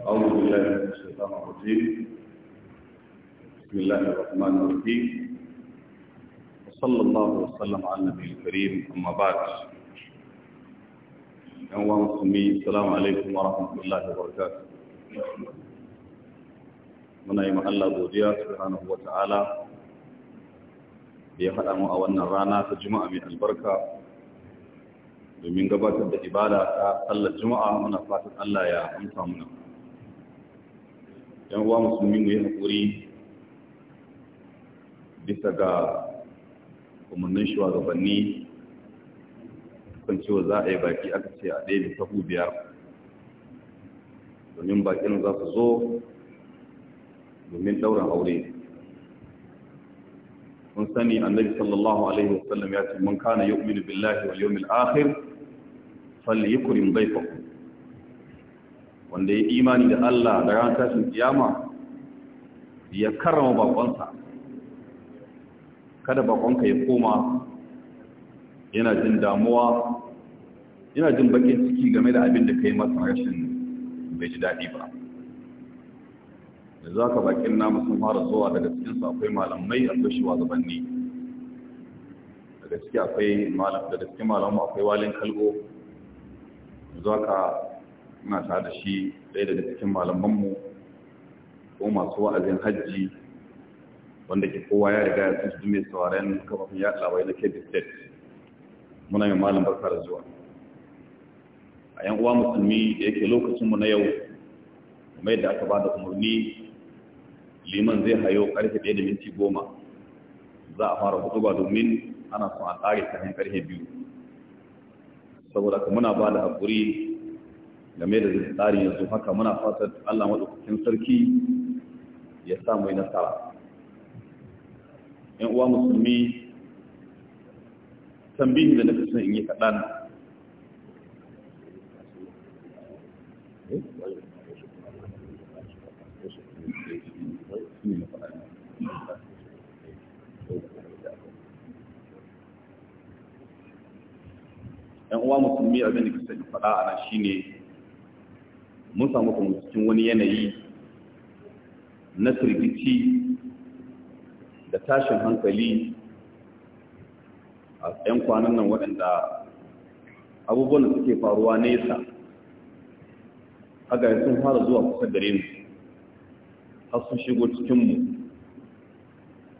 أعوذ بالله من الشيطان الرجيم بسم الله الرحمن الرحيم وصلى الله وسلم على النبي الكريم أما بعد أنواع مسلمين السلام عليكم ورحمة الله وبركاته muna yi Allah godiya subhanahu wa ta'ala ya haɗa mu a wannan rana ta juma'a mai albarka domin gabatar da ibada ta sallar juma'a muna fatan Allah ya amsa muna yan uwa musulmi mu yi haƙuri bisa ga umarnin shugabanni kan cewa za a yi baki aka ce a ɗaya bisa biyar domin bakin za su zo domin ɗaurin aure mun sani annabi sallallahu alaihi wasallam ya ce man kana yu'minu billahi wal yawmil akhir falyukrim dayfahu wanda ya imani da Allah da ran tashin kiyama ya karrama bakonsa kada bakonka ya koma yana jin damuwa yana jin bakin ciki game da abin da kai masa rashin bai ji daɗi ba da za ka bakin namu sun fara zuwa daga su akwai malamai akwai wa gabanni daga ciki akwai malam daga cikin malamu akwai walin kalgo za ka muna tare da shi ɗaya daga cikin malamanmu ko masu wa'azin hajji wanda ke kowa ya riga ya tsinci mai sauran kafafin ya labarai na kebbi state muna yi malam barka da zuwa a yan uwa musulmi da yake lokacinmu na yau mai da aka ba da umarni liman zai hayo karfe ɗaya da minti goma za a fara hudu ba domin ana son a ƙare kafin karfe biyu saboda ka muna ba da haƙuri game da tsari yanzu haka muna fatar Allah maɗaukakin sarki ya samu yi nasara. ‘Yan uwa musulmi tambihi da na fi son in yi kaɗan. ‘Yan uwa musulmi abin da ke faɗa a nan shi ne mun samu kuma cikin wani yanayi na firgici da tashin hankali a 'yan kwanan nan waɗanda abubuwan da suke faruwa nesa haka sun fara zuwa kusa gare mu har sun shigo cikinmu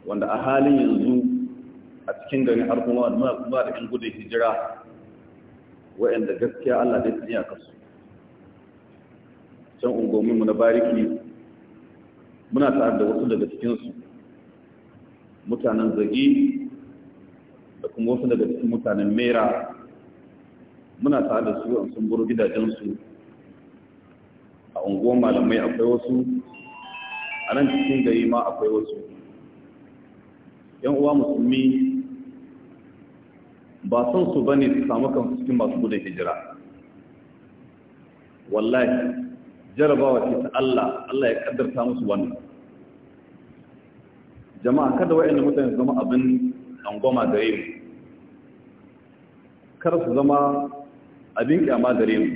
wanda a halin yanzu a cikin garin harkuma da muna da 'yan gudun hijira waɗanda gaskiya Allah da ya kasu can mu na bariki muna tare da wasu daga cikinsu mutanen zagi da kuma wasu daga cikin mutanen mera muna tare da su a sun buru gidajensu a unguwar malamai akwai wasu a nan cikin gari ma akwai wasu yan uwa musulmi ba son su bane su samu kan cikin masu gudun hijira wallahi jarabawa ce ta Allah Allah ya kaddarta musu wannan jama'a kada da mutane zama abin angoma gare mu kar su zama abin kyama gare mu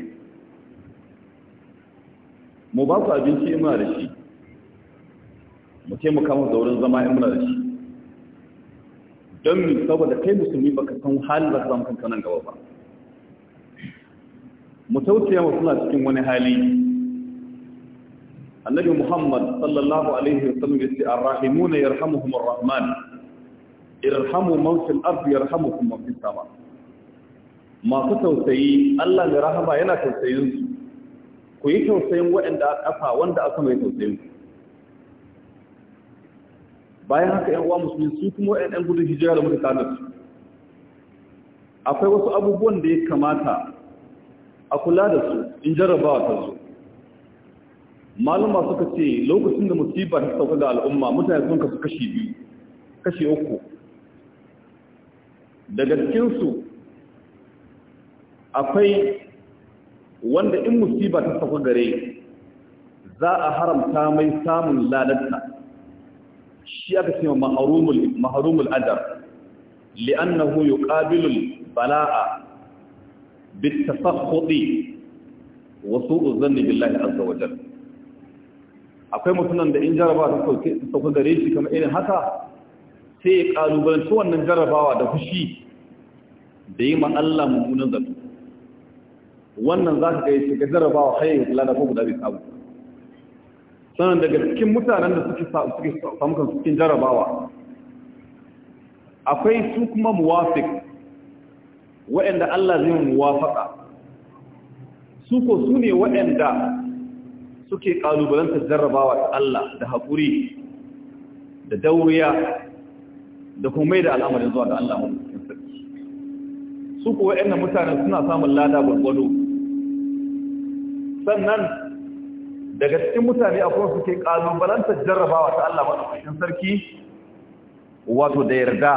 mu ba su abinci in muna da shi mu taimaka kama da wurin zama in muna da shi don mu saboda kai musulmi baka san halin da za zama kankanan gaba ba mu tausaya wa suna cikin wani hali annabi muhammad sallallahu alaihi wasallam yace arrahimuna yarhamuhumur rahman irhamu man fil ardi yarhamukum man fis sama masu tausayi Allah ne rahama yana tausayin su ku yi tausayin waɗanda a kafa wanda aka mai tausayin ku bayan haka ‘yan uwa musulmi su kuma ‘yan gudun hijira da muka tanar su akwai wasu abubuwan da ya kamata a kula da su in jarrabawa ta su. malama suka ce lokacin da musibar ta sauka ga al'umma mutane sun kasu kashi biyu kashi uku daga cikinsu akwai wanda in musiba ta sauka gare za a haramta mai samun ladatta shi aka ce maharumul adar adab li'annahu yuqabilu balaa bitafakhudi wa su'u dhanni billahi azza akwai mutunan da in jarabawa ta sauka gare shi kamar irin haka sai ya kalubalanci wannan jarabawa da fushi da yi ma Allah mummunan zato wannan za ka ga shi ga jarabawa hayar kula lalata guda bai samu sannan daga cikin mutanen da suke samu kan cikin jarabawa akwai su kuma muwafik waɗanda Allah zai muwafaka su ko su ne waɗanda suke ƙalubalanta jarrabawa ta Allah da haƙuri da dauriya da kuma da al'amarin zuwa da Allah mulkin sarki su kuwa ƴannan mutane suna samun lada gwargwado sannan daga cikin mutane akwai suke ƙalubalanta jarrabawa ta Allah mulkin sarki wato da yarda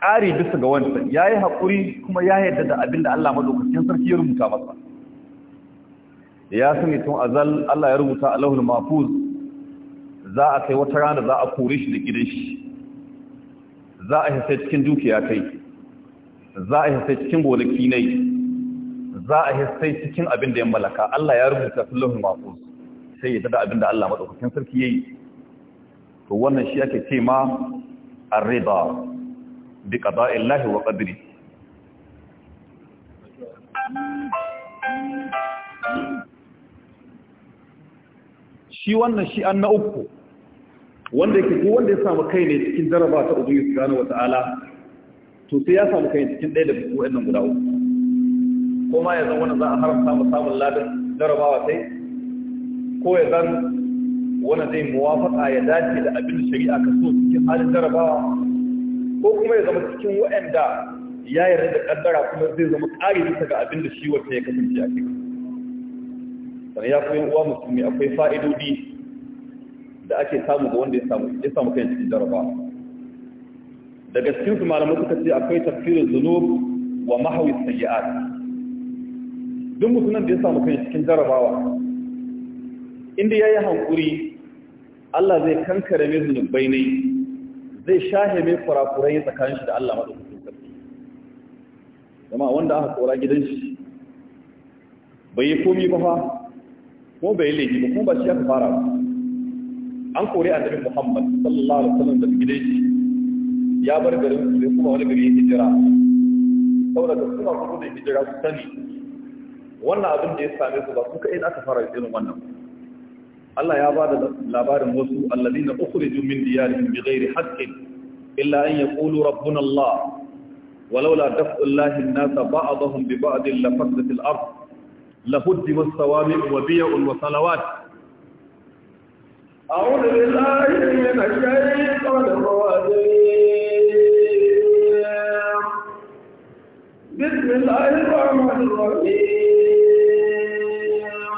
ƙari bisa ga wani, ya yi haƙuri kuma ya yarda da abin da Allah mulkin sarki ya rubuta masa ya sani tun azal Allah ya rubuta a lahul mafuz za a kai wata rana za a kore shi da gidan shi za a hasa cikin dukiya kai za a hasa cikin gonaki nai za a hasa cikin abin da ya malaka Allah ya rubuta a lahul mafuz sai ya tada abin da Allah madaukakin sarki ya yi to wannan shi ake ce ma ar-riba bi Allah wa qadri Thank you. shi wannan shi an na uku wanda yake ko wanda ya samu kai ne cikin jaraba ta ubangi subhanahu wataala to sai ya samu kai cikin ɗaya da buku wannan guda uku ma ya zan wannan za a haramta mu samun ladan jarabawa sai ko ya zan wannan zai muwafaka ya dace da abin shari'a ka so cikin halin jarabawa ko kuma ya zama cikin waɗanda ya yarda da kaddara kuma zai zama ƙari bisa ga abin da shi wata ya kasance a cikin sannan ya koyi uwa musulmi akwai fa'idodi da ake samu ga wanda ya samu kai cikin jaraba daga cikin su malamai suka ce akwai tafsirin zunub wa mahawi sayyi'at duk mutumin da ya samu kai cikin jarabawa inda yi hankuri Allah zai kankare mai zunubai ne zai shahe mai kurakurai tsakanin shi da Allah madaukakin sarki jama'a wanda aka kora gidan shi bai yi komi ba fa ko bai laifi ba ko ba shi ya fara ba an kore annabi Muhammad sallallahu alaihi wasallam da gidan shi ya bar garin su kuma wani gari ya hijira saboda da kuma su da hijira su sani wannan abin da ya same su ba su kai aka fara irin wannan Allah ya bada labarin wasu alladina ukhriju min diyarihim bighairi haqqin illa an yaqulu rabbuna Allah ولولا دفع الله الناس بعضهم ببعض لفسدت الأرض لهدم الصوامع وبيع وصلوات أعوذ بالله من الشيطان الرجيم بسم الله الرحمن الرحيم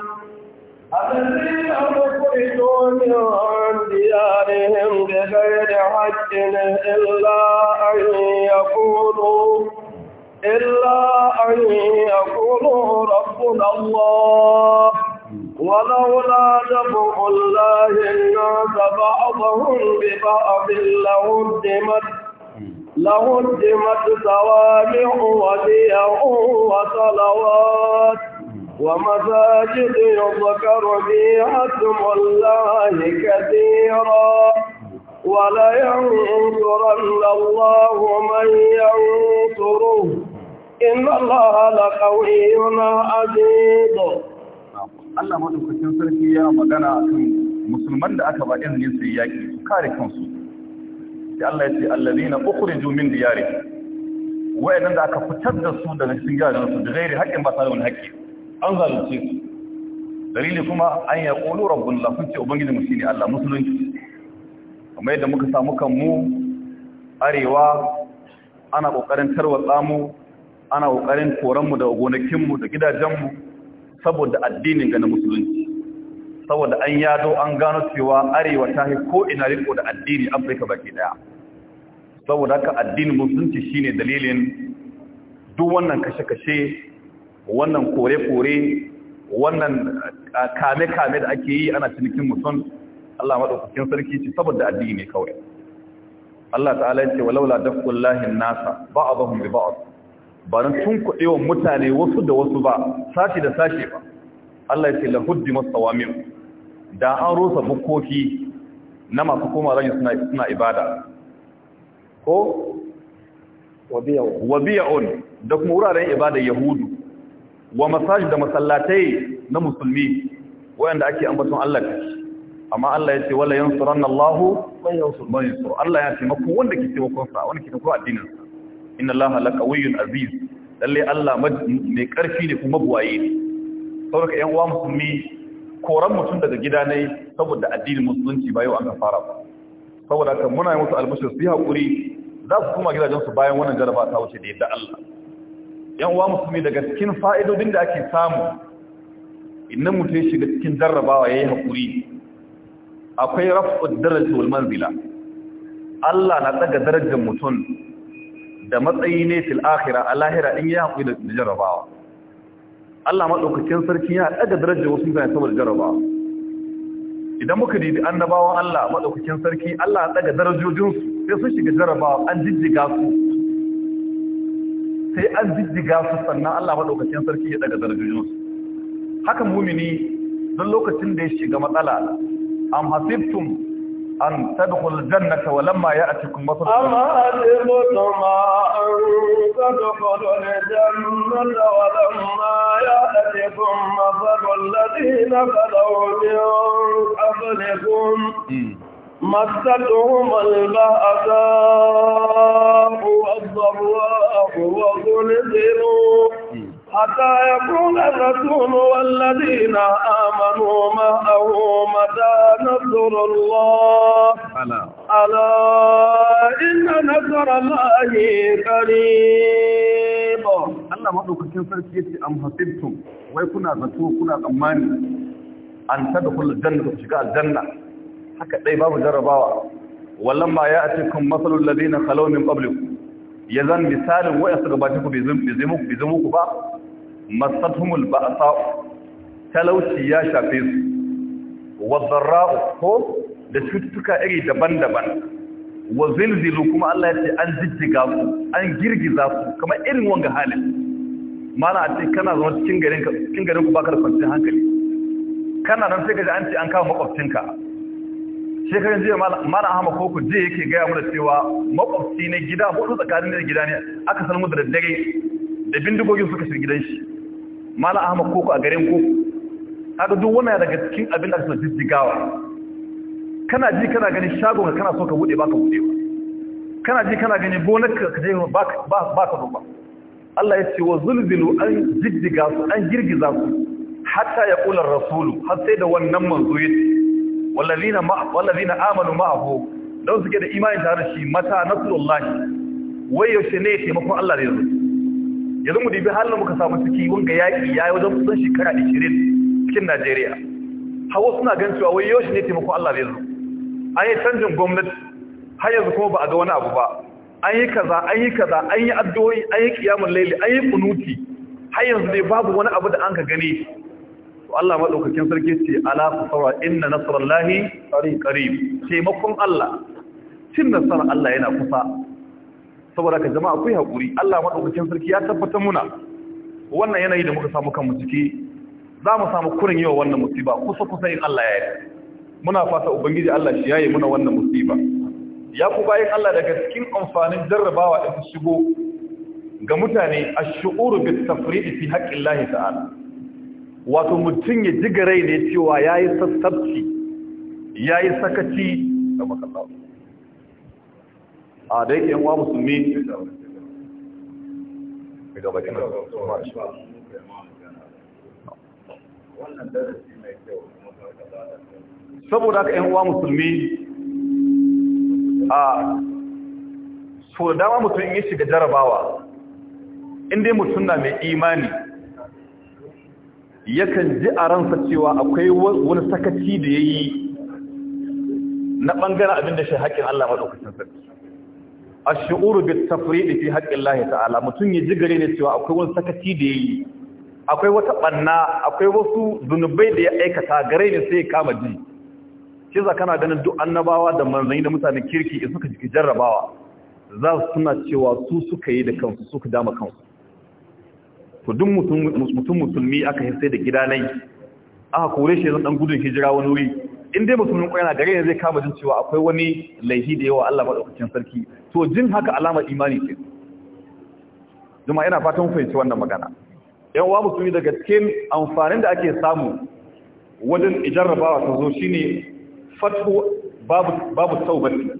الذين أخرجون عن ديارهم بغير حق إلا أن يقولوا إلا أن يقولوا ربنا الله ولولا دفع الله الناس بعضهم ببعض لهدمت لهدمت صوامع وبيع وصلوات ومساجد يذكر فيها اسم الله كثيرا ولينصرن الله من ينصره inna Allah la qawiyyun azid Allah madaukakin sarki ya magana akan musulman da aka ba izinin su yaki su kare kansu sai Allah ya ce alladhina ukhriju min diyarihim wayannan da aka fitar da su daga cikin su, da gairi haƙƙin ba tare da haƙƙi an zalunce su dalili kuma an ya ƙolo rabbin lafin ce ubangijinmu shi ne Allah musulunci kamar yadda muka samu kanmu arewa ana ƙoƙarin tarwatsa mu ana ƙoƙarin koranmu da gonakinmu da gidajenmu saboda addinin ga na musulunci saboda an yado an gano cewa arewa ta yi ina riko da addini afirka baki daya saboda haka addinin musulunci shine dalilin duk wannan kashe-kashe wannan kore-kore wannan kame-kame da ake yi ana cinikin musulun Allah maɗaukakin sarki ce saboda addini kawai Allah ta'ala ya laula dafkun lahin nasa ba'adhum bi ba'd barin tun kuɗewa mutane wasu da wasu ba sashi da sashi ba Allah ya ce masu huddimat da an rusa bukkoki na masu koma zan suna suna ibada ko wabiya'un da kuma wuraren ibada yahudu wa masaji da masallatai na musulmi wayanda ake ambaton Allah kashi amma Allah ya ce wala yansuranna Allahu man yansur Allah ya ce mako wanda ke taimakon sa wanda ke taimakon addinin sa inna allaha laqawiyyun aziz lalle Allah mai karfi ne kuma buwaye ne saboda yan uwa musulmi koran mutum daga gida ne saboda addinin musulunci ba yau an fara ba saboda haka muna yi musu albashir su yi haƙuri za su kuma gidajensu bayan wannan jaraba ta wuce da yadda Allah Yan uwa musulmi daga cikin fa'idodin da ake samu idan mutum ya shiga cikin jarrabawa yayi haƙuri akwai rafu darajatul manzila Allah na tsaga darajar mutum da matsayi ne fil akhira a lahira in ya haƙuri da jarabawa Allah maɗaukakin sarki ya ɗaga darajar wasu mutane saboda jarabawa idan muka didi annabawan Allah maɗaukakin sarki Allah ya ɗaga darajojinsu sai sun shiga jarabawa an jijjiga su sai an jijjiga su sannan Allah maɗaukakin sarki ya ɗaga darajojinsu hakan mumini don lokacin da ya shiga matsala am hasibtum أن تدخل الجنة ولما يأتيكم مطر أما حسبتما أن تدخلوا الجنة ولما يأتيكم مطر الذين خلوا من قبلكم مستهم البأساء والضراء وظلزلون حتى يكون الرسول والذين آمنوا معه متى نصر الله ألا إن نصر الله قريب Allah maɗaukakin sarki ya ce an hasibtum wai kuna zato kuna tsammani an tada kula janna ku shiga aljanna haka dai babu jarabawa ba ya atikum masalul ladina khalaw min qablikum yazan misalin wa'as gabatin ku bai zai ku ba masatumul ba'sa talauci ya shafe su wadarra'u ko da cututtuka iri daban-daban wa zilzilu kuma Allah ya ce an jijjiga su an girgiza su kuma irin wanga halin mana a ce kana zama cikin garin ka cikin garin ku baka da kwanciyar hankali kana nan sai ka ji an ce an kawo makwabcinka shekarun jiya mana ahama koko je yake gaya mana cewa makwabci ne gida hudu tsakanin da gida ne aka mu da daddare da bindigogin suka shiga gidan shi mala ahmad koko a garin ku haka duk wannan daga cikin abin da suke jijjigawa kana ji kana ganin shagon kana so ka bude baka bude ba kana ji kana ganin bonaka ka je ba ba ka ruba Allah ya ce wa zulzilu an jijjiga su an girgiza su hatta ya kula rasulu har sai da wannan manzo yace wallazina ma wallazina amanu ma'ahu don suke da imani tare da shi mata nasrullahi wai yaushe ne taimakon Allah da yanzu yanzu mu dibi halin muka samu ciki wanga yaƙi ya yi wajen kusan shekara 20 cikin Najeriya hawa suna gan cewa wai yau shi ne taimako Allah zai zo an yi canjin gwamnati har yanzu kuma ba a ga wani abu ba an yi kaza an yi kaza an yi addu'o'i an yi kiyamul laili an yi kunuti har yanzu dai babu wani abu da an ka gani to Allah daukakin sarki ce ala fasara inna nasrallahi qarib taimakon Allah cin nasara Allah yana kusa saboda ka jama'a kuyi hakuri Allah madaukakin sarki ya tabbatar muna wannan yanayi da muka samu kanmu ciki za mu samu kurin yawa wannan musiba kusa kusa in Allah ya yi muna fata ubangiji Allah shi yayi muna wannan musiba ya ku bayin Allah daga cikin amfanin jarrabawa da shigo ga mutane ash-shu'uru bit-tafriqi fi haqqillahi ta'ala wato mutun ya ji garai ne cewa yayi sassabci yayi sakaci da makallahu a da yake yanwa musulmi saboda haka yanwa musulmi a so dama mutum ya shiga jarabawa inda mutum na mai imani yakan ji a ransa cewa akwai wani sakaci da ya yi na ɓangaren abin da shi haƙin Allah maɗaukacin sarki ash-shu'uru bit har fi haqqillahi ta'ala mutun ya gare ne cewa akwai wani sakaci da yayi akwai wata banna akwai wasu zunubai da ya aikata gare ne sai ya kama ji shi za kana ganin duk annabawa da manzanni da mutanen kirki in suka jiki jarrabawa za su suna cewa su suka yi da kansu suka dama kansu to duk mutum musulmi aka yi sai da gidanai aka kore shi zan dan gudun hijira wani wuri in dai musulmin kwana, gare ne zai kama jin cewa akwai wani laifi da yawa Allah madaukakin sarki to jin haka alamar imani ce juma ina fatan fahimci wannan magana yan uwa musulmi daga cikin amfanin da ake samu wajen ijarrabawa ta zo shine fatu babu babu taubati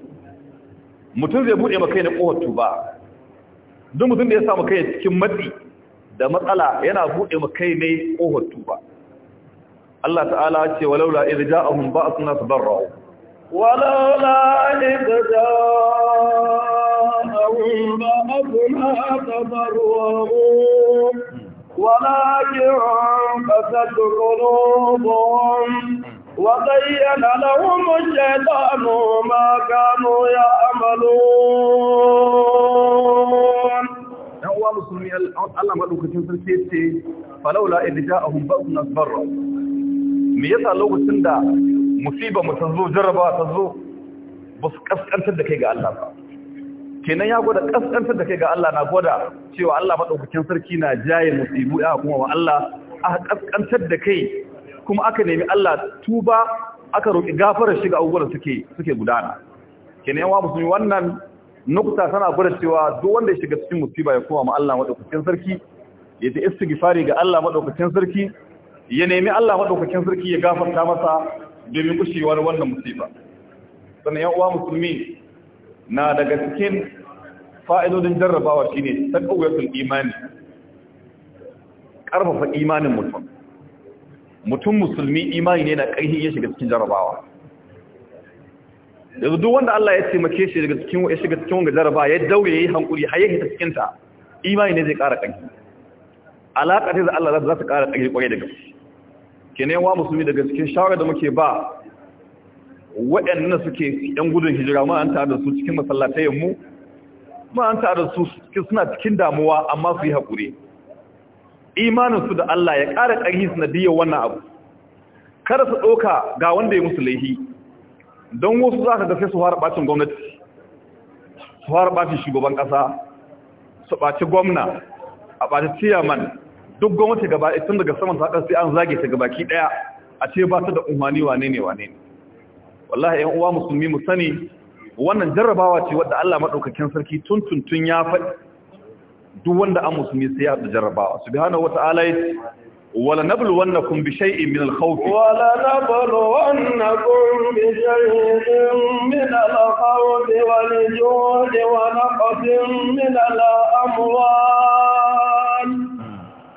mutum zai bude maka ne kohar tuba duk mutum da ya samu kai cikin matsi da matsala yana bude maka ne kohar tuba Allah ta'ala ce walaula idza ja'ahum ba'athuna tabarra'u ولولا إذ جاءهم بأسنا تضرعوا ولكن فسد قلوبهم وزين لهم الشيطان ما كانوا يعملون هو مسلمي الله مدوكتين سرسيتي فلولا إذ جاءهم بأسنا تضرعوا me yasa سندا musiba mu ta zo jarrabawa ta zo ba su kaskantar da kai ga Allah ba kenan ya gwada kaskantar da kai ga Allah na gwada cewa Allah madaukakin sarki na jaye musibu ya kuma wa Allah a kaskantar da kai kuma aka nemi Allah tuba aka roƙi gafarar shiga abubuwan suke suke gudana kenan yawa musulmi wannan nukta tana gwada cewa duk wanda ya shiga cikin musiba ya koma ma Allah madaukakin sarki ya ta istighfari ga Allah madaukakin sarki ya nemi Allah madaukakin sarki ya gafarta masa domin gushewar wannan musifa sannan yan uwa musulmi na daga cikin fa'idodin jarrabawa shine taqwiyatul imani ƙarfafa imanin mutum mutum musulmi imani ne na ƙarfi ya shiga cikin jarrabawa. yanzu duk wanda Allah ya taimake shi daga cikin ya shiga cikin wanga jaraba ya daure yi hankuri har ya hita cikinta imani ne zai ƙara ƙarfi alaƙa ta da Allah za ta ƙara ƙarfi ƙwarai da gaske kenan wa musulmi daga cikin shawarar da muke ba waɗannan suke yan gudun hijira ma an tare da su cikin masallatayen mu ma an tare da su suna cikin damuwa amma su yi haƙuri imanin su da Allah ya ƙara ƙarfi sanadiyar wannan abu kada su ɗauka ga wanda ya musu laihi don wasu za ka sai su fara ɓacin gwamnati su fara ɓacin shugaban ƙasa su ɓaci gwamna a ɓaci ciyaman duk gwamnati gaba ɗaya tun daga saman ta sai an zage ta gabaki ɗaya a ce ba ta da umarni wane ne wane ne wallahi ƴan uwa musulmi mu sani wannan jarrabawa ce wadda Allah maɗaukakin sarki tun tuntun ya faɗi duk wanda an musulmi sai ya da jarrabawa subhanahu wata'ala wala nabluwannakum bi shay'in min al-khawf wala nabluwannakum bi shay'in min al-khawf wal-ju'i wa naqsin min al-amwal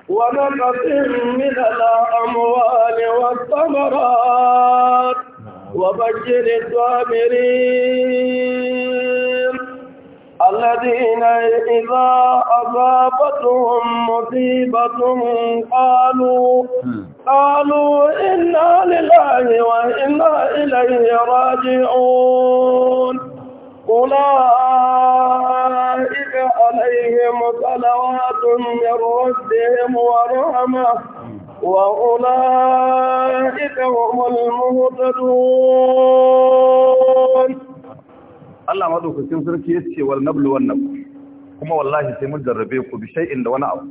ونقص من الأموال والثمرات نعم. وبشر الضامرين الذين إذا أصابتهم مصيبة قالوا قالوا إنا لله وإنا إليه راجعون أولئك عليهم صلوات من ربهم ورحمة وأولئك هم المهتدون Allah madaukakin sarki ya ce wal nablu wan kuma wallahi sai mun jarrabe ku bi shay'in wani abu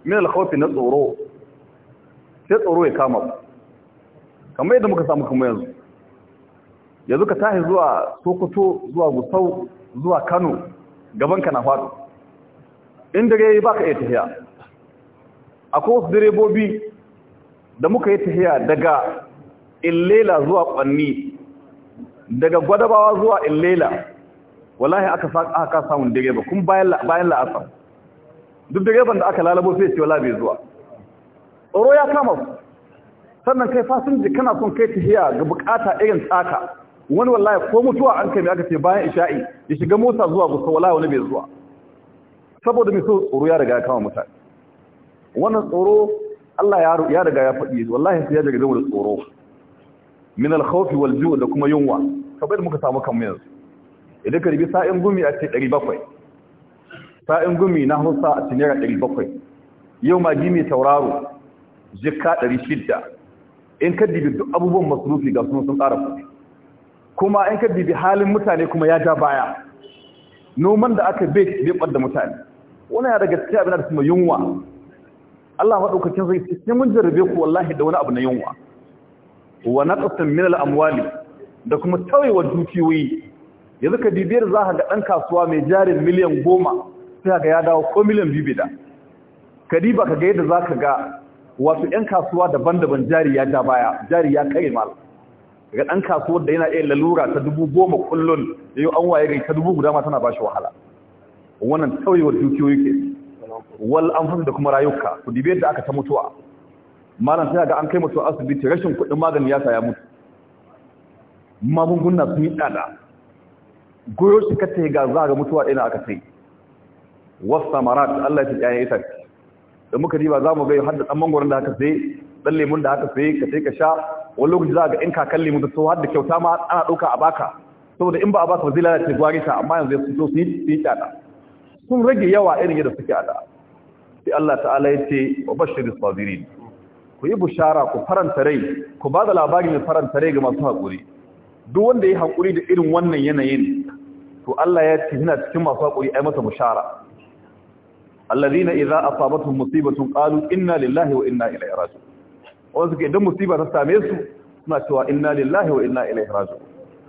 min al na tsoro sai tsoro ya kama ku kamar yadda muka samu yanzu yanzu ka tashi zuwa sokoto zuwa gusau zuwa kano gabanka na faɗo in yi ba ka iya tafiya akwai wasu direbobi da muka yi tafiya daga illela zuwa ƙwanni daga gwadabawa zuwa illela wallahi aka aka samun direba kun bayan bayan duk direban da aka lalabo sai ce wala bai zuwa tsoro ya kama sannan kai fasinji kana son kai tafiya ga bukata irin tsaka wani wallahi ko mutuwa an kai aka ce bayan isha'i ya shiga mota zuwa gusa wallahi wani bai zuwa saboda mai so tsoro ya riga ya kama mutane wannan tsoro Allah ya riga ya faɗi wallahi sai ya daga zama da tsoro min al-khawf wal ju' da kuma yunwa kabar muka samu kan yanzu idan ka ribi sa'in gumi a ce 700 sa'in gumi na Hausa a ce naira 700 yau ma mai tauraro jikka 600 in ka dibi duk abubuwan masrufi ga sun sun tsara kuɗi kuma in ka bibi halin mutane kuma ya ja baya noman da aka bai bai da mutane wani ya daga cikin abin da kuma yunwa Allah maɗaukacin zai ce sai mun jarrabe ku wallahi da wani abu na yunwa wa naqsan min al-amwali da kuma tawayewa dukiyoyi yanzu ka bibiyar za ka ga ɗan kasuwa mai jarin miliyan goma sai ka ya dawo ko miliyan biyu bida ka diba ka ga yadda za ka ga wasu 'yan kasuwa daban-daban jari ya ja baya jari ya kai mal ga ɗan kasuwar da yana iya lalura ta dubu goma kullum da yau an waye gai ta dubu guda ma tana ba shi wahala wannan tsawaiwar dukiyoyi ke wal an da kuma rayuka ku dibe da aka ta mutuwa malam sai ga an kai mutuwa asibiti rashin kuɗin magani ya saya mutu magunguna sun yi ɗada goyo shi kace ga za ga mutuwa ɗaya aka sai Wasu samarat Allah ya tsaya ya ita da muka riba za mu har da ɗan mangwaron da aka sai dan lemun da aka sai ka sai ka sha wani lokaci za ga in kakan mu da so har da kyauta ma ana ɗauka a baka saboda in ba a baka ba zai lalace gwari ka amma yanzu ya fito su yi tsada sun rage yawa irin yadda suke ada. sai Allah ta'ala ya ce wa bashir sabirin ku yi bushara ku faranta rai ku ba da labari mai faranta rai ga masu hakuri duk wanda ya hakuri da irin wannan yanayin to Allah ya ce yana cikin masu hakuri ai masa bushara allazina idza asabatuhum musibatun qalu inna lillahi wa inna ilaihi raji'un wanda suke idan musiba ta same su suna cewa inna lillahi wa inna ilaihi raji'un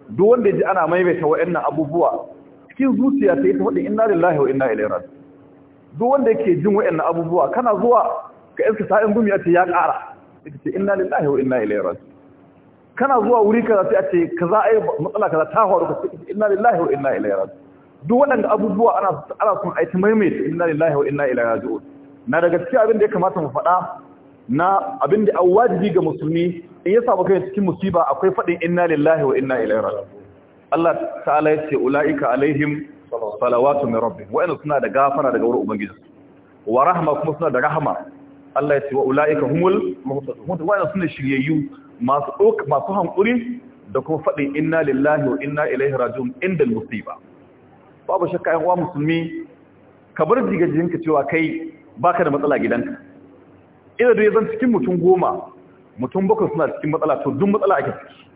duk wanda ji ana maimaita wa'annan abubuwa cikin zuciya ta yi ta faɗin inna lillahi wa inna ilaihi raji'un duk wanda yake jin wa'annan abubuwa kana zuwa ka iska in gumi a ce ya ƙara ita ce inna lillahi wa inna ilaihi raji'un kana zuwa wuri kaza sai a ce kaza ai matsala kaza ta faru ka ce inna lillahi wa inna ilaihi raji'un duk waɗanda abubuwa ana ana son a yi ta maimaita inna lillahi wa inna ilaihi raji'un na daga cikin abin da ya kamata mu faɗa na abin da an wajibi ga musulmi in ya samu kai cikin musiba akwai faɗin inna lillahi wa inna ilaihi raji'un Allah ta'ala ya ce ulaika alaihim salawatu min rabbihim wa suna da gafara daga wurin ubangiji wa rahma kuma suna da rahama Allah ya ce wa ulaika humul muhtadun wa suna shiryayyu masu dok masu hankuri da kuma faɗin inna lillahi wa inna ilaihi raji'un inda musiba babu shakka ƴan uwa musulmi ka bar jigajinka cewa kai baka da matsala gidanka ina da zan cikin mutum goma mutum bakwai suna cikin matsala to duk matsala ake ciki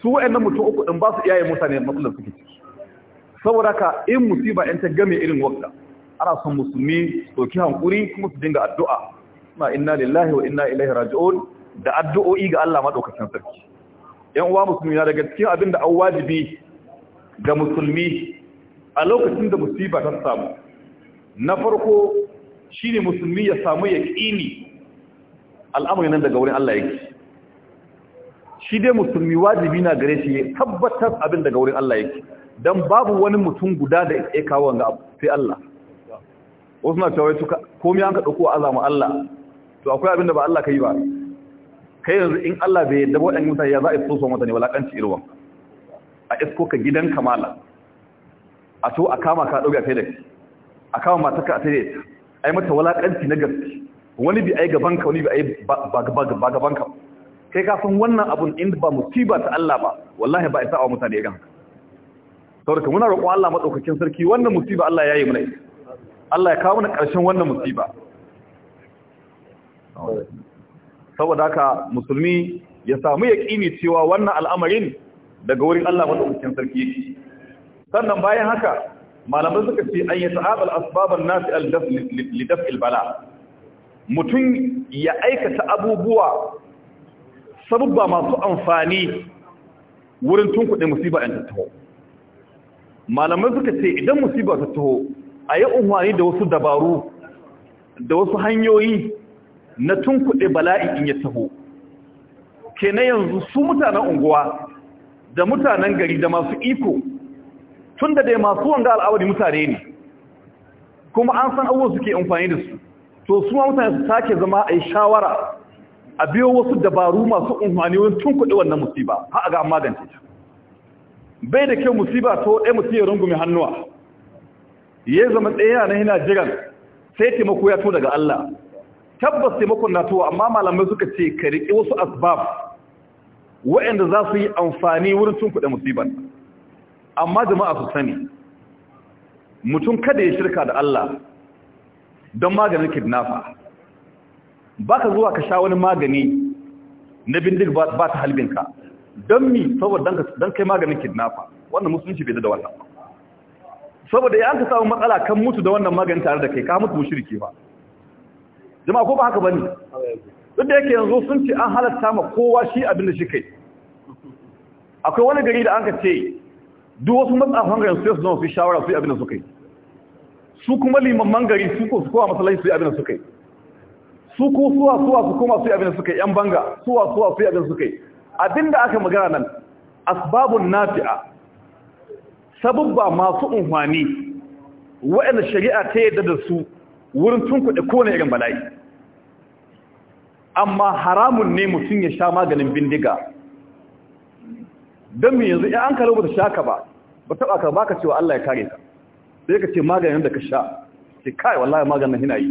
su wa'annan mutum uku din ba su iyaye mutane matsalar suke ciki saboda ka in musiba in ta game irin wakka ana son musulmi ɗauki hankuri kuma su dinga addu'a suna inna lillahi wa inna ilaihi raji'un da addu'o'i ga Allah madaukakin sarki yan uwa musulmi na daga cikin abin da an wajibi ga musulmi a lokacin da musiba ta samu na farko shine musulmi ya samu yaqini al'amari nan daga wurin Allah yake shi dai musulmi wajibi na gare shi ya tabbatar abin daga wurin Allah yake dan babu wani mutum guda da ya kawo wanga sai Allah wasu na cewa suka komai an ka dauko azama Allah to akwai abin da ba Allah kai ba kai yanzu in Allah bai yadda wadan mutane ya za a tsoso mutane walakanci irwa a isko ka gidan kamala a to a kama ka dauke kai da a kama ka a tare da ai mata walakanci na gaske wani bi ai gaban ka wani bi ai ba gaban ka kai ka san wannan abun in ba musiba ta Allah ba wallahi ba isa wa mutane haka saboda muna roƙo Allah madaukakin sarki wannan musiba Allah ya yi mana Allah ya kawo mana ƙarshen wannan musiba saboda haka musulmi ya samu yaqini cewa wannan al'amarin daga wurin Allah madaukakin sarki yake sannan bayan haka malamai suka ce an yi ta'abal asbaban nasi lidaf ilbala mutum ya aikata abubuwa sabubba masu amfani wurin tunkuɗe musiba yan tattaho malamai suka ce idan musiba ta taho a yi umarni da wasu dabaru da wasu hanyoyi na tunkuɗe bala'i in ya taho ke na yanzu su mutanen unguwa da mutanen gari da masu iko tun da dai masu wanga al'awari mutane ne kuma an san abubuwa suke amfani da su to su ma mutane su sake zama a yi shawara a biyo wasu dabaru masu amfani wurin tun kuɗi wannan musiba Ha a ga ta bai da kyau musiba to ɗaya musu yi rungumi hannuwa ya zama ɗaya na yana jiran sai taimako ya to daga Allah tabbas taimakon na towa amma malamai suka ce ka riƙe wasu asbab waɗanda za su yi amfani wurin tun kuɗi musibar amma jama'a su sani mutum kada ya shirka da Allah don maganin kidnafa ba ka zuwa ka sha wani magani na bindig ba ta halbinka don mi saboda don kai maganin kidnafa wannan musulunci bai da wannan saboda ya an ka samu matsala kan mutu da wannan magani tare da kai ka mutu shirki ba jama'a ko ba haka ba ne duk da yake yanzu sun ce an halatta ma kowa shi abin da shi kai akwai wani gari da an ka ce duk wasu matsafan gari sai su zama su shawara su yi abin da suka yi su kuma limamman gari su ko su kowa matsalai su yi abin da suka yi su ko suwa suwa su koma su yi abin da suka yi yan banga suwa suwa su yi abin da suka yi abinda aka magana nan asbabun nafi'a ba masu unhwani wa'anda shari'a ta yadda da su wurin tunkuɗe kowane irin bala'i amma haramun ne mutum ya sha maganin bindiga don mu yanzu ya an kalubuta ba ta shaka ba ba taba ka baka cewa Allah ya kare ka sai ka ce maganin da ka sha ce kai wallahi maganin hina yi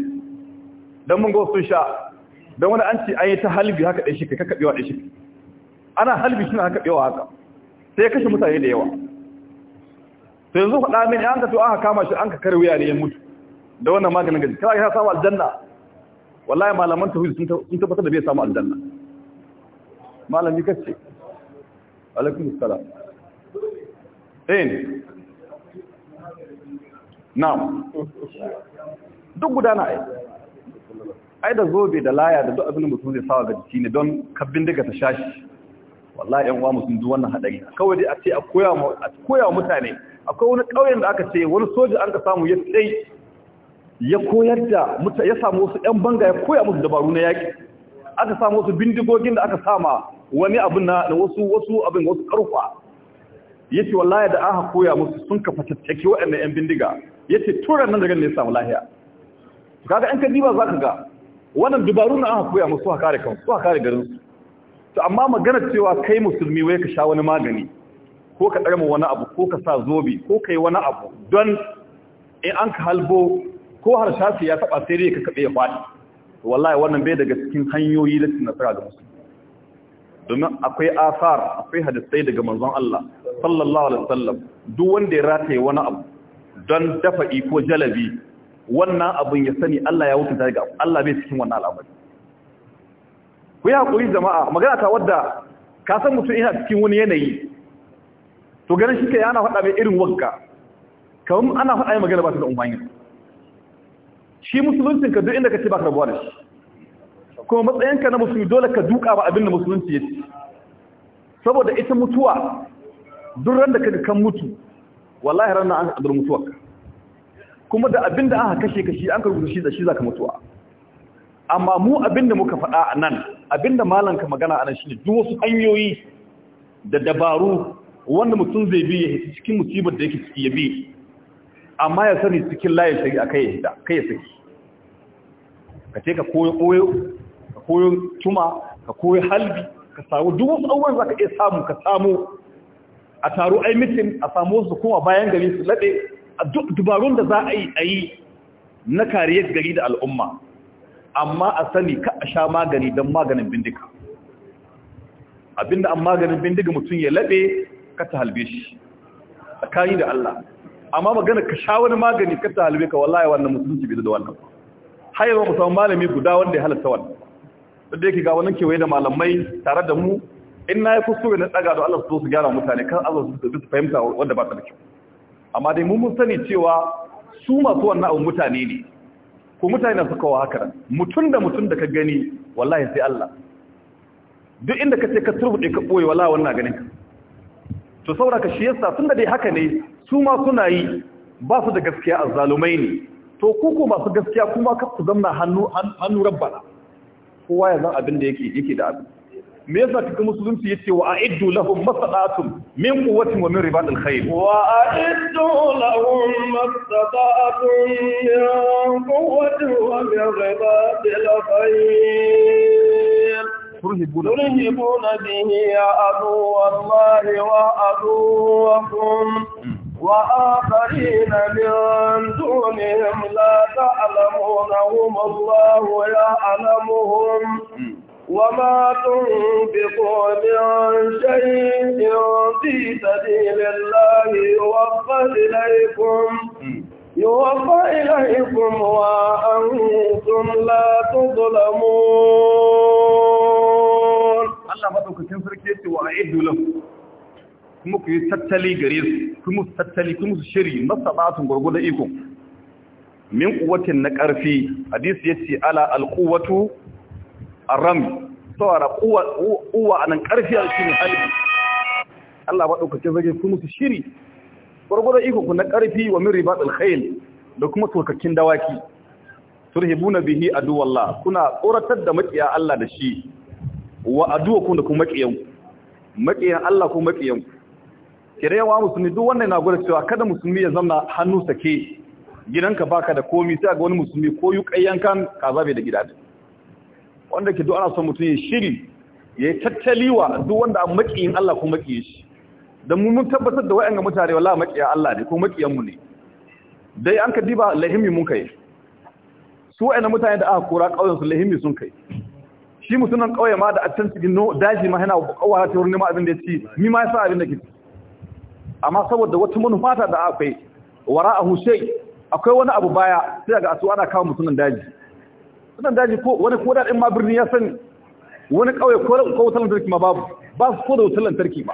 Don mun gosu sun sha Don wani an ce an yi ta halibi haka ɗai shi kai ka kabewa ɗai shi ana halibi shi haka ɓewa haka sai ya kashe mutane da yawa sai yanzu faɗa mini an ka to aka kama shi an ka wuya ne ya mutu da wannan maganin gaji kawai ya samu aljanna wallahi malaman tauhid sun tabbatar da bai samu aljanna malami kace alaikum assalam ɗaya eh, ne na duk gudana ai ai da zobe da laya da duk abin da mutum zai sawa ga jiki ne don kabbin daga ta shashi wallahi yan uwa mutum duk wannan hadari kawai dai a ce a koya mutane akwai wani ƙauyen da aka ce wani soja an ka samu ya tsaye ya koyar da ya samu wasu ɗan banga ya koya musu dabaru na yaƙi aka samu wasu bindigogin da aka sama wani abin na wasu wasu abin wasu ƙarfa yace wallahi da aka koya musu sun ka fatattake waɗanda yan bindiga yace turan nan daga ne samu lahiya kaga an ka diba ka ga wannan dubaru na aka koya musu haka kare kansu haka da garin su to amma magana cewa kai musulmi wai ka sha wani magani ko ka ɗarma wani abu ko ka sa zobe ko ka yi wani abu don in an ka halbo ko shafi ya taɓa sai dai ka kaɓe ya faɗi wallahi wannan bai daga cikin hanyoyi na nasara ga musulmi domin akwai asar akwai hadisai daga manzon Allah sallallahu alaihi wasallam duk wanda ya rataye wani abu don dafa iko jalabi wannan abun ya sani Allah ya wuce ga Allah bai cikin wannan al'amari ku yi hakuri jama'a magana ta wadda ka san mutum ina cikin wani yanayi to ganin shi ke ana faɗa mai irin wanka kamar ana faɗa mai magana ba ta da umarni shi musuluncin ka duk inda ka ce ba ka rabuwa da shi kuma matsayinka na musulmi dole ka duka ba abin da musulunci ya ce saboda ita mutuwa duk randa da kaga kan mutu wallahi ranar an kadar mutuwa kuma da abin da aka kashe kashi an ka rubuta shi da shi zaka mutuwa amma mu abin da muka faɗa a nan abin da ka magana a nan shi ne duk wasu hanyoyi da dabaru wanda mutum zai bi ya hita cikin musibar da yake ciki ya bi amma ya sani cikin layin shari'a kai ya hita kai ya saki ka ce ka koyo koyo tuma ka koyi halbi ka samu duk wasu abubuwan za ka iya samu ka samu a taro ai mitin a samu wasu kuma bayan gari su laɗe a duk dubarun da za a yi a yi na kariyar gari da al'umma amma a sani ka a sha magani don maganin bindiga abinda an maganin bindiga mutum ya laɓe ka ta halbe shi tsakani da Allah amma magana ka sha wani magani ka ta halbe ka wallahi wannan musulunci bai da wannan har yanzu ku samu malami guda wanda ya halatta wannan duk da yake ga wannan kewaye da malamai tare da mu in na yi kuskure na tsaga da Allah su su gyara mutane kan Allah su su fahimta wanda ba ta da kyau amma dai mun sani cewa su masu wannan abu mutane ne ko mutane na suka wa haka mutum da mutum da ka gani wallahi sai Allah duk inda ka ce ka turbuɗe ka ɓoye wallahi wannan ganin ka to saboda ka shi yasa tunda dai haka ne su ma suna yi ba su da gaskiya azzalumai ne to ku ko masu gaskiya kuma ka ku zamna hannu hannu rabbana kowa ya zan abin da yake yake da abin me yasa cikin musulunci yace wa a'iddu lahum masadatun min quwwatin wa min ribatil khayr wa a'iddu lahum masadatun min quwwatin wa min ribatil khayr turhibuna turhibuna bihi ya adu wallahi wa aduwakum mm. وآخرين من دونهم لا تعلمونهم الله يعلمهم وما تنفقوا من شيء في سبيل الله يوفى إليكم يوفى إليكم وأنتم لا تظلمون الله ما تنفقوا من شيء وأعدوا لكم kuma ku yi tattali gare su ku musu tattali ku musu shiri masa batun gurgudan iko min kuwatin na ƙarfi hadisi ce ala alquwatu arram sawara quwa quwa anan ƙarfi ne halbi Allah ɗaukacin zage ku musu shiri gurgudan iko ku na ƙarfi wa min riba khayl da kuma turkakin dawaki turhibuna bihi aduwallah kuna tsoratar da maƙiya Allah da shi wa aduwakum da kuma maƙiyan. Maƙiyan Allah ko ku kirewa musulmi duk wannan na gwada cewa kada musulmi ya zama hannu sake gidanka baka da komi sai ga wani musulmi ko yi kayyankan kaza bai da gida ne wanda ke duk ana son mutum ya shiri ya yi tattaliwa duk wanda an makiyin Allah ko makiyin shi don mun tabbatar da ga mutane wala makiya Allah ne ko makiyan mu ne dai an ka diba lahimmi mun kai su wa'annan mutane da aka kora ƙauyen su sun kai shi mutumin ƙauye ma da a can cikin daji ma yana kawawa ta wurin neman abin da ya ci mi ma ya sa abin da ke ci amma saboda wata manufa da akwai wara'ahu shay akwai wani abu baya sai daga asu ana kawo mutumin daji mutumin daji ko wani koda din ma birni ya sani wani kauye ko ko wutar lantarki ma babu ba su ko da wutar lantarki ba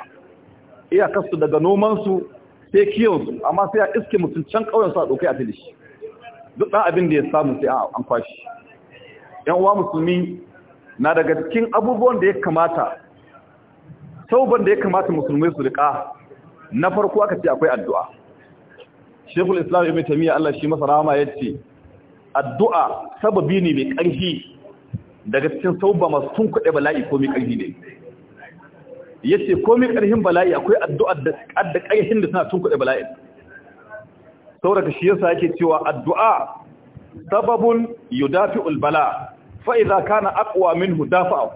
iya kasu daga noman su sai kiyon su amma sai a iske mutum can kauyen su a dokai a tilishi duk dan abin da ya samu sai an kwashi yan uwa musulmi na daga cikin abubuwan da ya kamata tauban da ya kamata musulmai su rika. na farko aka ce akwai addu'a shekul islam ibn tamiya Allah shi masa rama ya ce addu'a sababi ne mai ƙarfi daga cikin sauba masu sun kuɗe bala'i ko mai ƙarfi ne ya ce ko mai ƙarfin bala'i akwai addu'a da ƙarfin da suna sun kuɗe bala'i sauraka shi yasa yake cewa addu'a sababun yudafi'ul bala fa'iza kana aqwa minhu dafa'u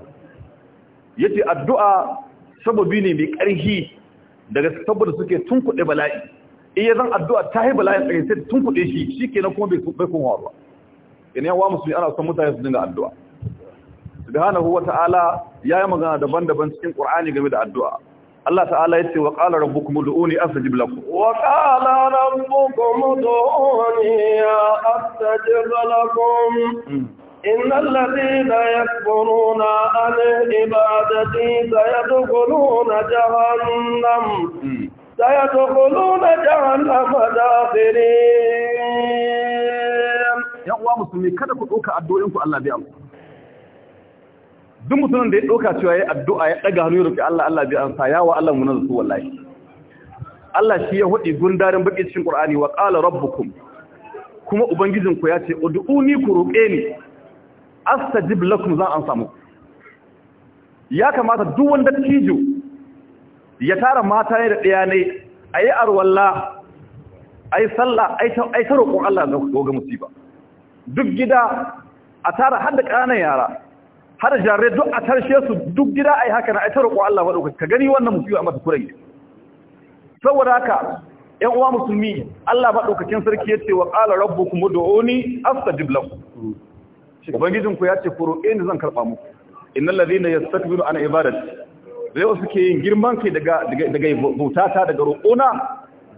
yace addu'a sababi ne mai ƙarfi daga saboda suke tun kuɗe bala'i iya zan addu'a ta yi bala'in tsaye sai kuɗe shi shi ke na kuma bai kuma ba ina yawa musulmi ana son mutane su dinga addu'a subhanahu wa ta'ala ya yi magana daban-daban cikin qur'ani game da addu'a Allah ta'ala ya ce wa qala rabbukum ud'uni astajib lakum wa qala rabbukum ud'uni astajib lakum hmm. إن الذين يكبرون عن عبادتي سيدخلون جهنم سيدخلون جهنم داخرين يا أخوة مسلمين kada ku ɗauka addu'o'inku Allah bai amsa duk mutumin da ya ɗauka cewa ya addu'a ya ɗaga hannu ya roƙi Allah Allah bai wa Allah mu su wallahi Allah shi ya hudi gundarin baki cikin Qur'ani wa qala rabbukum kuma ubangijinku ya ce ud'uni ku roƙe ni astajib lakum za an samu ya kamata duk wanda tijo ya tara mata ne da daya ne a yi arwalla a yi sallah a yi ta roƙon Allah da ga musiba duk gida a tara har da ƙananan yara har da jarirai duk a tarshe su duk gida a yi haka na a yi ta roƙon Allah wadau ka gani wannan musiba a mata kurai saboda haka ‘yan uwa musulmi Allah maɗaukakin sarki ya wa qala rabbukum ud'uni astajib lakum ubangijinku ya ce roƙe ni zan karɓa muku innal ladhina yastakbiru an ibadati zai wasu ke yin girman kai daga daga bautata daga roƙona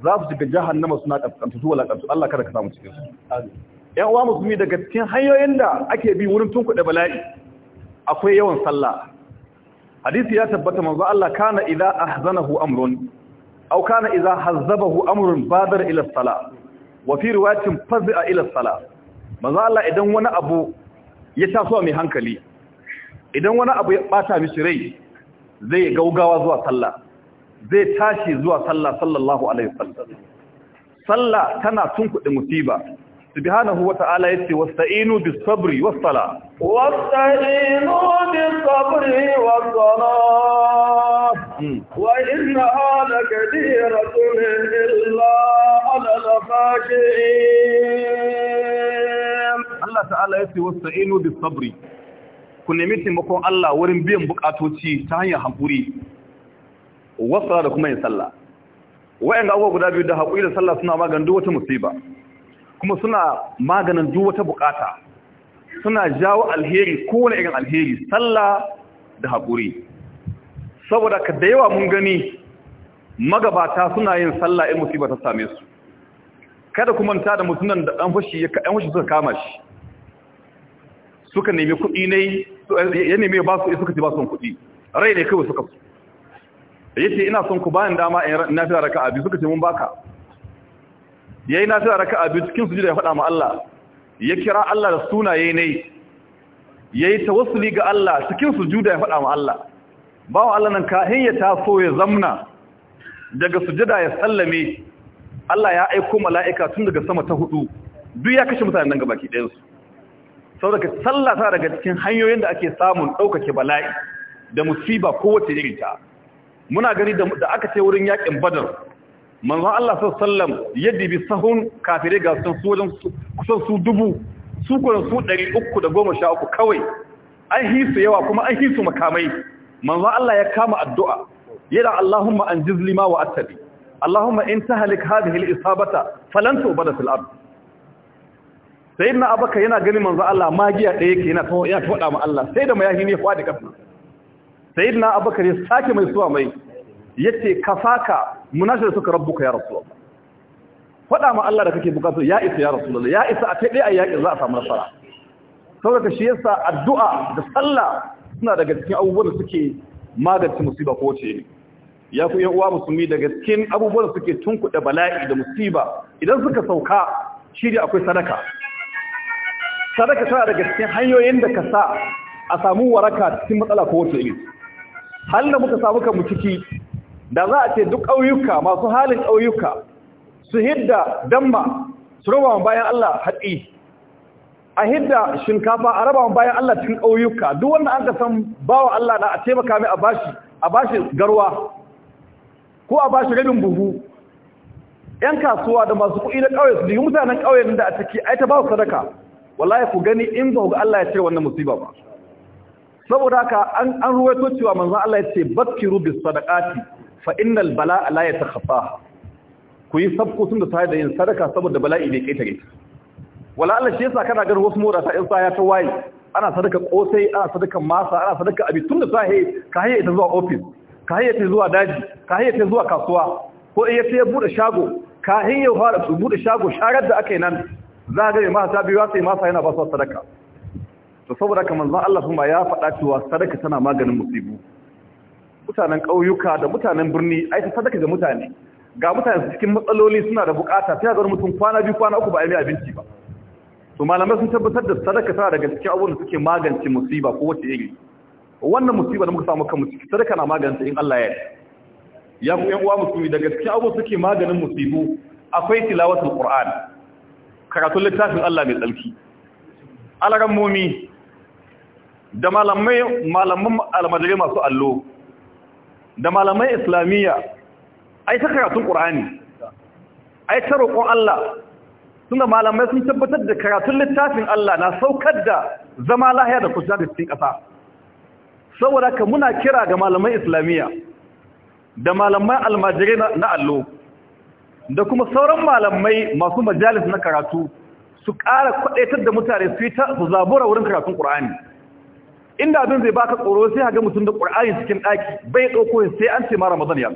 za su shiga jahannama suna kaskantu wala kaskantu Allah kada ka samu cikin su ƴan uwa musulmi daga cikin hanyoyin da ake bi wurin tunkuɗe bala'i akwai yawan sallah hadisi ya tabbata manzo Allah kana idza ahzanahu amrun aw kana idza hazzabahu amrun badar ila as-salah wa fi riwayatin fazza ila as-salah manzo Allah idan wani abu ya tasowa mai hankali idan wani abu ya bata mishi rai zai gaugawa zuwa sallah zai tashi zuwa sallah sallallahu alaihi wasallam sallah tana tunkuɗe musiba subhanahu wata'ala yace wasta'inu bis sabri was sala wasta'inu bis sabri was sala hmm. wa inna ala kadiratun illa ala al-khashi'in Allah ta'ala ya ce wasta'inu bis sabri ku nemi taimakon Allah wurin biyan bukatoci ta hanyar hakuri wasara da kuma yin sallah wa'anda abubuwa guda biyu da haƙuri da sallah suna maganin duk wata musiba kuma suna maganin duk wata bukata suna jawo alheri ko wani irin alheri sallah da hakuri saboda ka da yawa mun gani magabata suna yin sallah in musiba ta same su kada kuma ta da mutunan da dan fashi ya ɗan fashi suka kama shi suka nemi kuɗi ne eh, ya nemi ba su suka ci ba su kuɗi rai ne kawai suka su yace ina son ku bayan dama in na fira raka biyu suka ce mun baka yayi na fira raka biyu cikin sujuda ya faɗa ma Allah ya kira Allah da suna ya yi ne ta wasu ga Allah cikin sujuda ya faɗa ma Allah wa Allah nan ka hanyar ta so ya zamna daga da ya sallame Allah ya aiko mala'ika tun daga sama ta hudu duk ya kashe mutanen nan gabaki ɗayansu saboda sallah ta daga cikin hanyoyin da ake samun ɗaukake bala'i da musiba kowace irin ta muna gani da aka ce wurin yakin badar manzon Allah sallam ya dibi sahun kafire ga sun su wajen kusan su dubu su kuma su 313 kawai an hisu yawa kuma an hisu makamai manzo Allah ya kama addu'a yana Allahumma anjiz lima wa attabi Allahumma in tahlik hadhihi al-isabata falan tu'bada fil ard sai na abaka yana ganin manzo Allah magiya ɗaya yake yana tawo yana ma Allah sai da mayahi ne fadi kafin sai na abaka ya sake mai suwa mai yace kafaka da suka rabbuka ya rasu. faɗa ma Allah da kake bukatu ya isa ya rasulullah ya isa a kai a yaƙi za a samu nasara saboda shi yasa addu'a da sallah suna daga cikin abubuwan da suke magance musiba ko ce ya ku yan uwa musulmi daga cikin abubuwan da suke tunkuɗe bala'i da musiba idan suka sauka shi akwai sadaka sadaka tana daga cikin hanyoyin da ka sa a samu waraka cikin matsala ko wace iri hal da muka samu kan ciki da za a ce duk ƙauyuka masu halin ƙauyuka su hidda damma su raba bayan Allah haɗi a hidda shinkafa a raba bayan Allah cikin ƙauyuka duk wanda an ka san bawa Allah na a taimaka mai a bashi a bashi garwa ko a bashi rabin buhu yan kasuwa da masu kuɗi na ƙauye su yi mutanen ƙauyen da a ciki ai ta ba sadaka wallahi ku gani in ba ga Allah ya cire wannan musiba ba saboda haka an an ruwaito cewa manzo Allah ya ce bakiru bis sadaqati fa innal bala'a la yatakhafa ku yi sabku sun da sai da yin sadaka saboda bala'i bai kai tare wala Allah shi yasa kana ganin wasu mota ta in sa ya ta waye ana sadaka kosai ana sadaka masa ana sadaka abi tun da sai ka haye ta zuwa office ka haye ta zuwa daji ka haye ta zuwa kasuwa ko in ya ya bude shago ka haye ya fara bude shago sharar da aka yi nan za a gare mata biyu sai masa yana ba su sadaka to saboda kamar zan Allah kuma ya faɗa cewa sadaka tana maganin musibu mutanen ƙauyuka da mutanen birni ai ta sadaka ga mutane ga mutane cikin matsaloli suna da bukata sai ga mutum kwana biyu kwana uku ba a yi abinci ba to malamai sun tabbatar da sadaka tana daga cikin abubuwan da suke magance musiba ko wace iri wannan musiba da muka samu kanmu ciki sadaka na magance in Allah ya yi ya ku yan uwa musulmi daga cikin abubuwan suke maganin musibu akwai tilawatul qur'ani karatun littafin Allah mai tsarki momi da malamai malaman almadare masu allo da malamai islamiyya ai ta karatun ƙur'ani ai ta roƙon Allah suna malamai sun tabbatar da karatun littafin Allah na saukar da zama lahiya da kusa da cikin ƙasa saboda ka muna kira ga malamai islamiyya da malamai almajirai na allo da kuma sauran malamai masu majalis na karatu su ƙara kwaɗaitar da mutane su yi ta su zabura wurin karatun ƙur'ani inda abin zai baka tsoro sai haga mutum da ƙur'ani cikin ɗaki bai ɗauko sai an ce ma ramadan ya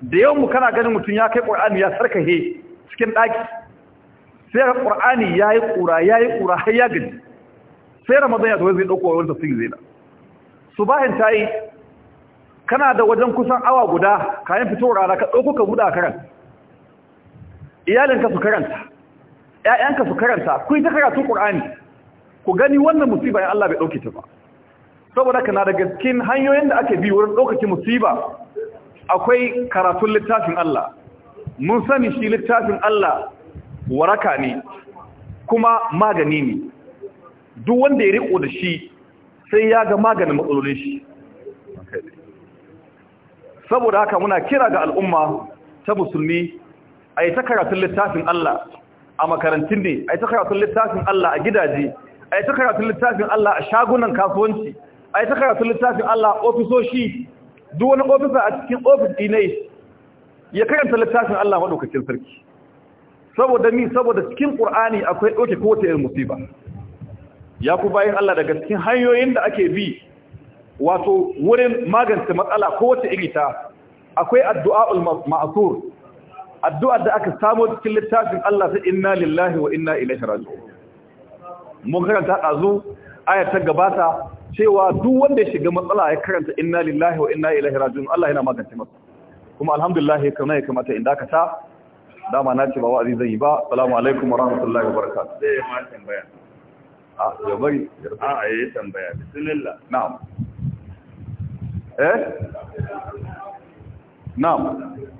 da yawan mu kana ganin mutum ya kai ƙur'ani ya sarkahe cikin ɗaki sai ga ƙur'ani ya yi ƙura ya yi ƙura har ya gaji sai ramadan ya zo zai ɗauko wani yi zai na su bahin ta yi kana da wajen kusan awa guda kayan fitowar rana ka ɗauko ka buɗa karan iyalinka su karanta ƴaƴanka su karanta ku yi ta karatun Qur'ani ku gani wannan musiba ya Allah bai dauke ta ba saboda na da gaskin hanyoyin da ake bi wurin daukake musiba akwai karatun littafin Allah mun sani shi littafin Allah waraka ne kuma magani ne duk wanda ya riko da shi sai ya ga maganin matsalolin shi saboda haka muna kira ga al'umma ta musulmi a yi ta karatun littafin Allah a makarantun ne a yi ta karatun littafin Allah a gidaje a yi ta karatun littafin Allah a shagunan kasuwanci a yi ta karatun littafin Allah a ofisoshi duk wani ofisa a cikin ofis ne ya karanta littafin Allah maɗaukacin sarki saboda mi saboda cikin ƙur'ani akwai ɗauke kowace irin musiba ya ku bayan Allah daga cikin hanyoyin da ake bi wato wurin magance matsala kowace iri ta akwai addu'a ma'asur addu'ar da aka samu cikin littafin Allah sai inna lillahi wa inna ilaihi raji'un mun karanta dazu ayar ta gabata cewa duk wanda ya shiga matsala ya karanta inna lillahi wa inna ilaihi raji'un Allah yana magance masa kuma alhamdulillah kana ya kamata inda ka ta dama na ce ba wa'azi zai yi ba assalamu alaikum wa rahmatullahi wa barakatuh sai ma tambaya a ya bari a a yi tambaya bismillah na'am eh na'am